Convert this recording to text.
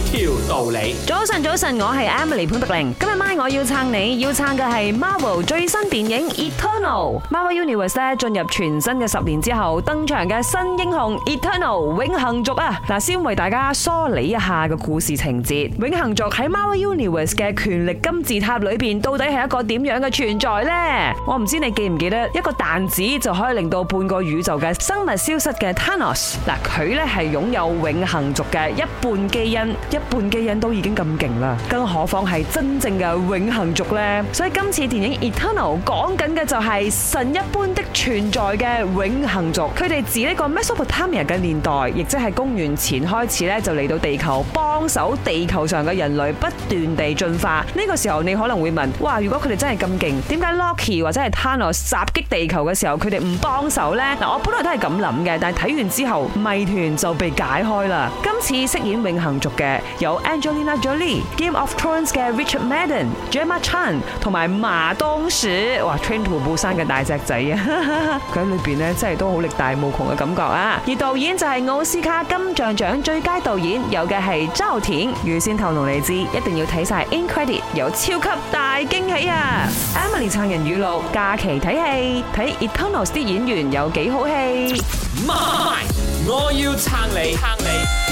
條道理，早晨早晨，我係 Emily 潘德玲。今日 my 我要撐你，要撐嘅係 Marvel 最新電影 Eternal。Marvel Universe 咧進入全新嘅十年之後，登場嘅新英雄 Eternal 永恆族啊！嗱，先為大家梳理一下個故事情節。永恆族喺 Marvel Universe 嘅權力金字塔裏邊，到底係一個點樣嘅存在呢？我唔知你記唔記得一個彈子就可以令到半個宇宙嘅生物消失嘅 Thanos。嗱，佢咧係擁有永恆族嘅一半基因。一半嘅人都已經咁勁啦，更何況係真正嘅永恆族呢？所以今次電影《Eternal》講緊嘅就係神一般的存在嘅永恆族，佢哋自呢個 Mesopotamia 嘅年代，亦即係公元前開始咧，就嚟到地球幫手地球上嘅人類不斷地進化。呢個時候你可能會問：哇，如果佢哋真係咁勁，點解 Loki 或者係 Thanos 襲擊地球嘅時候佢哋唔幫手呢？嗱，我本來都係咁諗嘅，但係睇完之後謎團就被解開啦。今次飾演永恆族嘅。有 Angelina Jolie、Game of Thrones 嘅 Richard Madden、Gemma Chan 同埋馬東石，哇，Train to Busan 嘅大隻仔啊！佢 喺裏邊咧，真係都好力大無窮嘅感覺啊！而導演就係奧斯卡金像獎最佳導演，有嘅係趙婷。預先透露你知，一定要睇晒 In Credit 有超級大驚喜啊！Emily 撐人語錄，假期睇戲，睇 Eternals 啲演員有幾好戲。我要撐你，撐你。